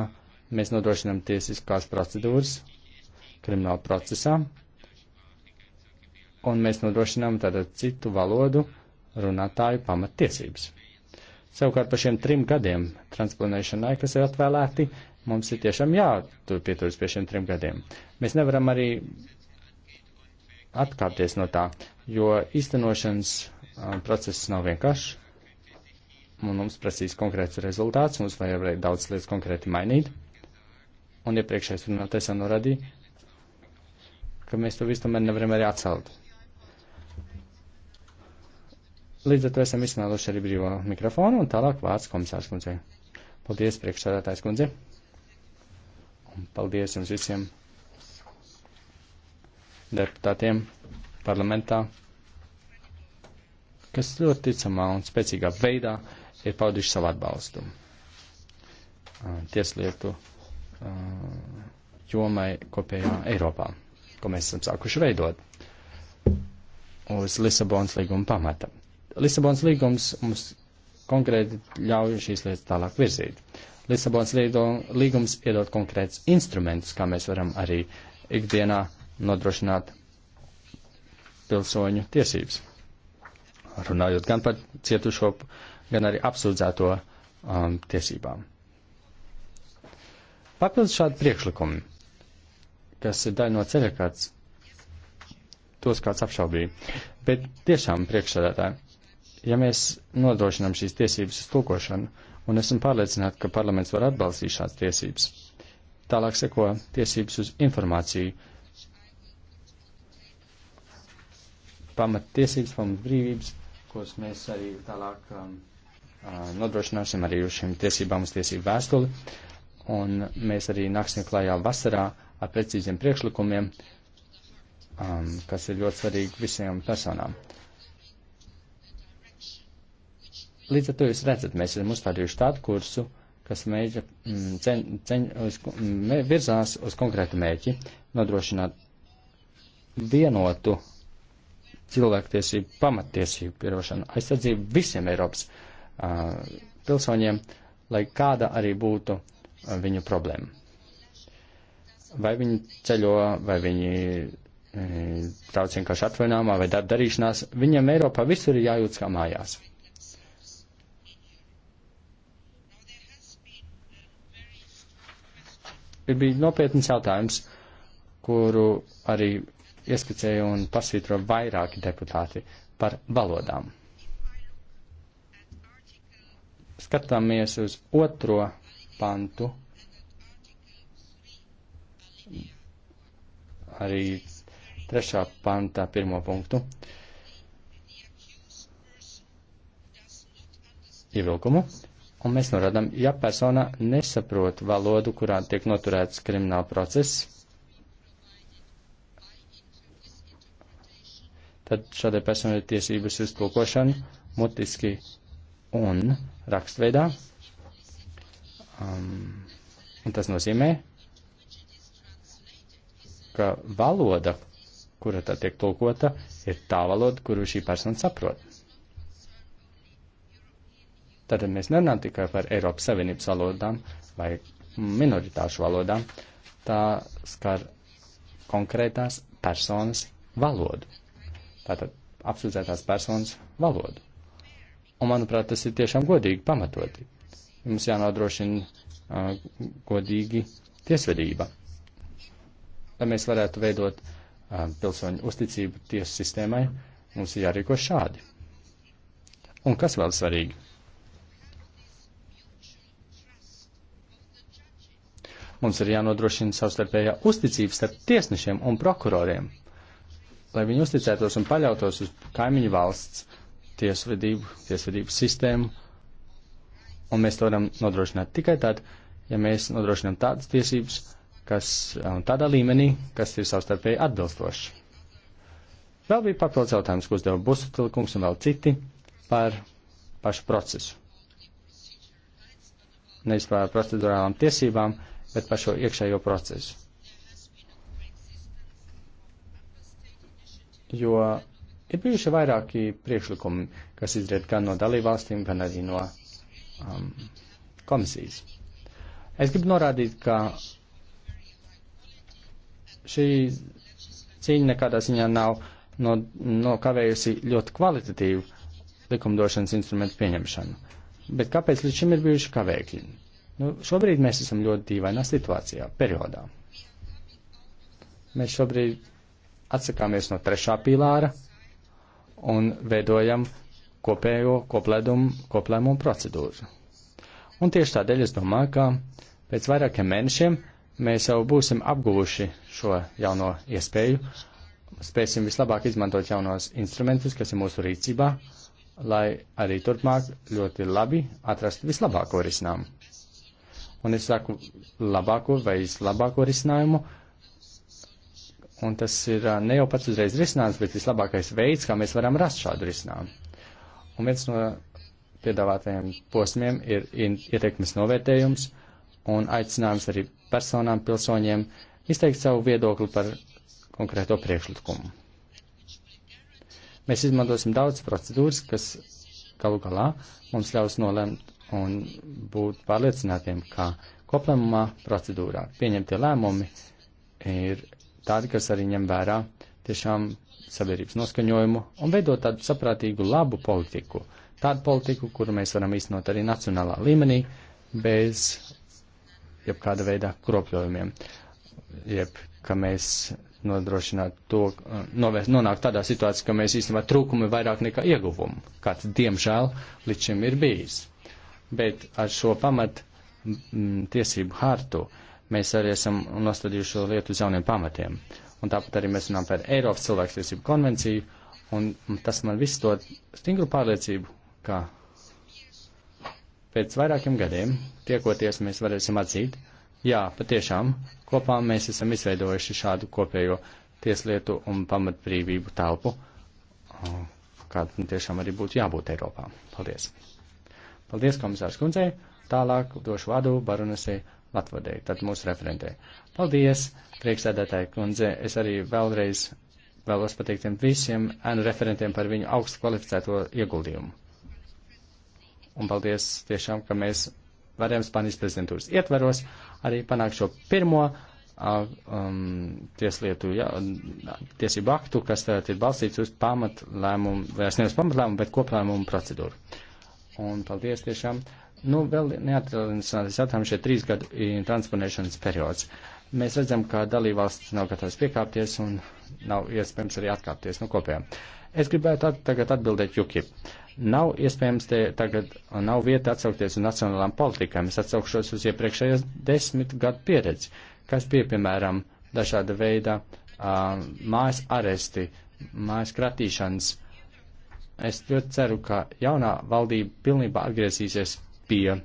mēs nodrošinām tiesiskās procedūras krimināla procesā, un mēs nodrošinām tātad citu valodu runātāju pamattiesības. Savukārt par šiem trim gadiem transplantēšanai, kas ir atvēlēti, mums ir tiešām jāpieturas pie šiem trim gadiem. Mēs nevaram arī atkāpties no tā, jo īstenošanas process nav vienkāršs, un mums prasīs konkrēts rezultāts, mums vajag daudz lietas konkrēti mainīt. Un iepriekšējais ja runātais jau norādīja, ka mēs to visu tomēr nevaram arī atcelt. Līdz ar to esam izsmēluši arī brīvā mikrofonu un tālāk vārds komisārs kundzei. Paldies, priekšsādātājs kundze. Un paldies jums visiem deputātiem parlamentā, kas ļoti ticamā un spēcīgā veidā ir pauduši savu atbalstu. Tieslietu jomai kopējā Eiropā, ko mēs esam sākuši veidot uz Lisabonas līguma pamata. Lisabons līgums mums konkrēti ļauj šīs lietas tālāk virzīt. Lisabons līgums iedod konkrēts instrumentus, kā mēs varam arī ikdienā nodrošināt pilsoņu tiesības. Runājot gan par cietušo, gan arī apsūdzēto um, tiesībām. Papildus šādi priekšlikumi, kas ir daļa no ceļa kāds, tos kāds apšaubīja, bet tiešām priekšsēdētāji ja mēs nodrošinām šīs tiesības uz tulkošanu, un esam pārliecināti, ka parlaments var atbalstīt šādas tiesības. Tālāk seko tiesības uz informāciju. Pamat tiesības, pamat brīvības, kuras mēs arī tālāk um, uh, nodrošināsim arī uz šīm tiesībām uz tiesību vēstuli. Un mēs arī nāksim klājā vasarā ar precīziem priekšlikumiem, um, kas ir ļoti svarīgi visiem personām. Uh, Līdz ar to jūs redzat, mēs esam uzstādījuši tādu kursu, kas mēģina mm, ceņ, ceņ, uz, mē, mm, virzās uz konkrētu mērķi nodrošināt vienotu cilvēktiesību, pamatiesību pierošanu, aizsardzību visiem Eiropas uh, pilsoņiem, lai kāda arī būtu uh, viņu problēma. Vai viņi ceļo, vai viņi uh, trauc vienkārši atvainājumā, vai darba darīšanās, viņiem Eiropā visur ir jājūtas kā mājās. ir bijis nopietns jautājums, kuru arī ieskicēja un pasvītro vairāki deputāti par valodām. Skatāmies uz otro pantu. Arī trešā pantā pirmo punktu. Ievilkumu Un mēs norādām, ja persona nesaprot valodu, kurā tiek noturēts krimināla process, tad šādai personai ir tiesības uz tulkošanu mutiski un rakstveidā. Um, un tas nozīmē, ka valoda, kura tā tiek tulkota, ir tā valoda, kuru šī persona saprot. Tātad mēs nerunājam tikai par Eiropas Savienības valodām vai minoritāšu valodām, tā skar konkrētās personas valodu. Tātad apsūdzētās personas valodu. Un, manuprāt, tas ir tiešām godīgi pamatoti. Mums jānodrošina uh, godīgi tiesvedība, lai mēs varētu veidot uh, pilsoņu uzticību tiesu sistēmai. Mums ir jārīko šādi. Un kas vēl svarīgi? Mums ir jānodrošina savstarpējā uzticības starp tiesnešiem un prokuroriem, lai viņi uzticētos un paļautos uz kaimiņu valsts tiesvedību, tiesvedības sistēmu. Un mēs to varam nodrošināt tikai tad, ja mēs nodrošinām tādas tiesības, kas tādā līmenī, kas ir savstarpēji atbilstoši. Vēl bija papildus jautājums, ko uzdeva Busutilikungs un vēl citi par pašu procesu. Nevis par procedurālām tiesībām, bet par šo iekšējo procesu. Jo ir bijuši vairāki priekšlikumi, kas izriet gan no dalībvalstīm, gan arī no um, komisijas. Es gribu norādīt, ka šī cīņa nekādā ziņā nav no, nokavējusi ļoti kvalitatīvu likumdošanas instrumentu pieņemšanu. Bet kāpēc līdz šim ir bijuši kavēkļi? Nu, šobrīd mēs esam ļoti dīvainā situācijā, periodā. Mēs šobrīd atsakāmies no trešā pīlāra un veidojam kopējo koplēdumu, koplēmumu procedūru. Un tieši tādēļ es domāju, ka pēc vairākiem mēnešiem mēs jau būsim apguvuši šo jauno iespēju, spēsim vislabāk izmantot jaunos instrumentus, kas ir mūsu rīcībā, lai arī turpmāk ļoti labi atrastu vislabāko risinājumu un es saku labāko vai vislabāko risinājumu. Un tas ir ne jau pats uzreiz risinājums, bet vislabākais veids, kā mēs varam rast šādu risinājumu. Un viens no piedāvātajiem posmiem ir ieteikums novērtējums un aicinājums arī personām, pilsoņiem izteikt savu viedokli par konkrēto priekšlikumu. Mēs izmantosim daudz procedūras, kas galu galā mums ļaus nolemt un būt pārliecinātiem, ka koplēmumā procedūrā pieņemtie lēmumi ir tādi, kas arī ņem vērā tiešām sabiedrības noskaņojumu un veidot tādu saprātīgu labu politiku. Tādu politiku, kuru mēs varam īstenot arī nacionālā līmenī bez jebkāda veida kropļojumiem. Jeb, ka mēs nodrošināt to, novērst, nonākt tādā situācijā, ka mēs īstenībā trūkumi vairāk nekā ieguvumu, kāds diemžēl līdz šim ir bijis bet ar šo pamat m, mm, tiesību hartu mēs arī esam nostādījuši šo lietu uz jauniem pamatiem. Un tāpat arī mēs runājam par Eiropas cilvēktiesību konvenciju, un tas man viss dod stingru pārliecību, ka pēc vairākiem gadiem tiekoties mēs varēsim atzīt, jā, patiešām kopā mēs esam izveidojuši šādu kopējo tieslietu un pamatbrīvību telpu, kāda tiešām arī būtu jābūt Eiropā. Paldies! Paldies, komisārs kundzei. Tālāk došu vadu baronesei Latvadei, tad mūsu referentei. Paldies, priekšsēdētāji kundze. Es arī vēlreiz vēlos pateikt visiem ēnu referentiem par viņu augstu kvalificēto ieguldījumu. Un paldies tiešām, ka mēs varējām Spānijas prezidentūras ietveros arī panākt šo pirmo um, tieslietu ja, tiesību aktu, kas tātad ir balstīts uz pamatlēmumu, vairs nevis pamatlēmumu, bet koplēmumu procedūru un paldies tiešām. Nu, vēl neatrādināts jautājums šie trīs gadu transponēšanas periods. Mēs redzam, ka dalībvalsts nav gatavs piekāpties un nav iespējams arī atkāpties no kopējām. Es gribētu at tagad atbildēt Juki. Nav iespējams te tagad, nav vieta atsaukties uz nacionālām politikām. Es atsaukšos uz iepriekšējos desmit gadu pieredzi, kas bija, piemēram, dažāda veida uh, mājas aresti, mājas kratīšanas Es ļoti ceru, ka jaunā valdība pilnībā atgriezīsies pie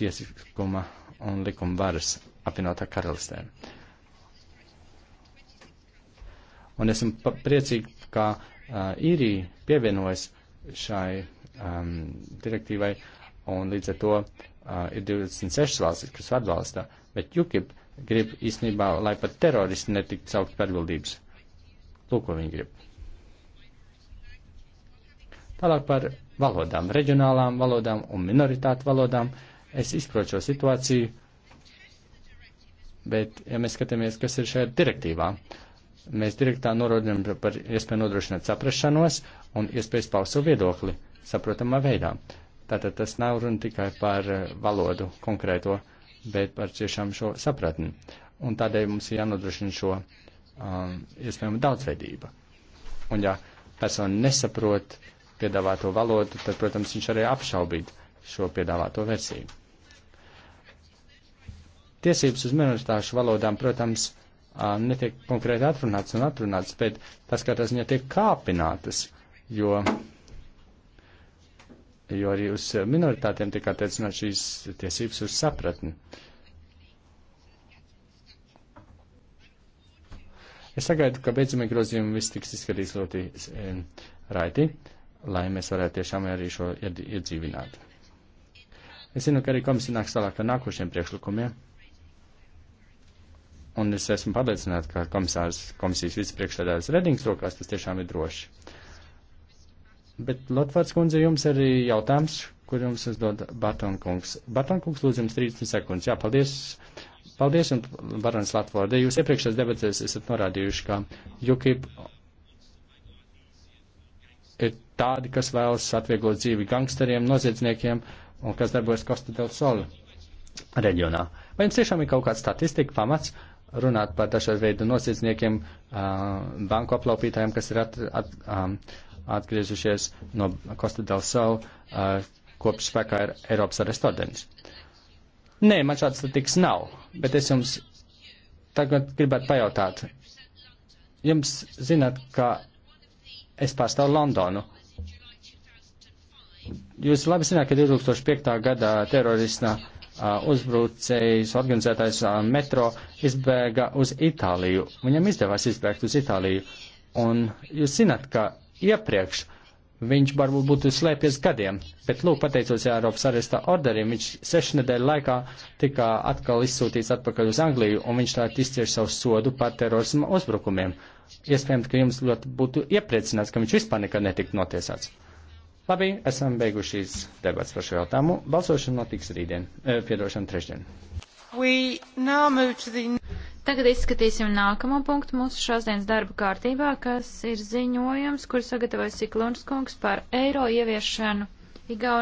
tiesiskuma un likuma varas apvienotā karalistē. Un esmu priecīgi, ka uh, īrija pievienojas šai um, direktīvai, un līdz ar to uh, ir 26 valstis, kas atbalsta, bet UKIP grib īstenībā, lai pat teroristi netiktu saukt par atbildības. Lūk, ko viņi grib. Tālāk par valodām, reģionālām valodām un minoritātu valodām. Es izprotu šo situāciju, bet, ja mēs skatāmies, kas ir šajā direktīvā, mēs direktā norodinām par iespēju nodrošināt saprašanos un iespējas paust savu viedokli saprotamā veidā. Tātad tas nav runa tikai par eh, valodu konkrēto, bet par tiešām šo sapratni. Un tādēļ mums ir jānodrošina šo um, iespējamu daudzveidību. Un ja persona nesaprot, uh, piedāvāto valodu, tad, protams, viņš arī apšaubīt šo piedāvāto versiju. Tiesības uz minoritāšu valodām, protams, netiek konkrēti atrunāts un atrunāts, bet tas, kā tas viņa tiek kāpinātas, jo, jo arī uz minoritātiem tiek attiecināt šīs tiesības uz sapratni. Es sagaidu, ka beidzamie grozījumi viss tiks izskatīts ļoti raiti lai mēs varētu tiešām arī šo iedzīvināt. Es zinu, ka arī komisija nāks tālāk ar nākošiem priekšlikumiem. Un es esmu pārliecināta, ka komisārs, komisijas vicepriekšsēdājas Redings rokās tas tiešām ir droši. Bet, Lotvārds kundze, jums arī jautājums, kur jums uzdod Bartonkungs. Bartonkungs, lūdzu, jums 30 sekundes. Jā, paldies. Paldies, un Barons Latvārdē, jūs iepriekšējās debatēs esat norādījuši, ka UKIP ir tādi, kas vēlas atvieglot dzīvi gangsteriem, noziedzniekiem un kas darbojas Costa del Sol reģionā. Vai jums tiešām ir kaut kāds statistika pamats runāt par dažādu veidu noziedzniekiem, banku aplaupītājiem, kas ir at, at, atgriezušies no Costa del Sol kopš spēkā ir Eiropas arestordens? Nē, man šāds statistikas nav, bet es jums tagad gribētu pajautāt. Jums zināt, ka Es pārstāvu Londonu. Jūs labi zināt, ka 2005. gadā terorisma uzbrucējs, organizētais metro izbēga uz Itāliju. Viņam izdevās izbēgt uz Itāliju. Un jūs zināt, ka iepriekš uh, Viņš varbūt būtu slēpies gadiem, bet, lūk, pateicoties Eiropas arestā orderim, viņš sešu nedēļu laikā tika atkal izsūtīts atpakaļ uz Angliju, un viņš tā izcieš savu sodu par terorisma uzbrukumiem. Iespējams, ka jums ļoti būtu iepriecināts, ka viņš vispār nekad netika notiesāts. Labi, esam beigušies debats par šo jautājumu. Balsošana notiks rītdien, e, eh, piedošana trešdien. Tagad izskatīsim nākamo punktu mūsu šodienas darba kārtībā, kas ir ziņojums, kur sagatavojas Siklunskungs par eiro ieviešanu Igaunijā.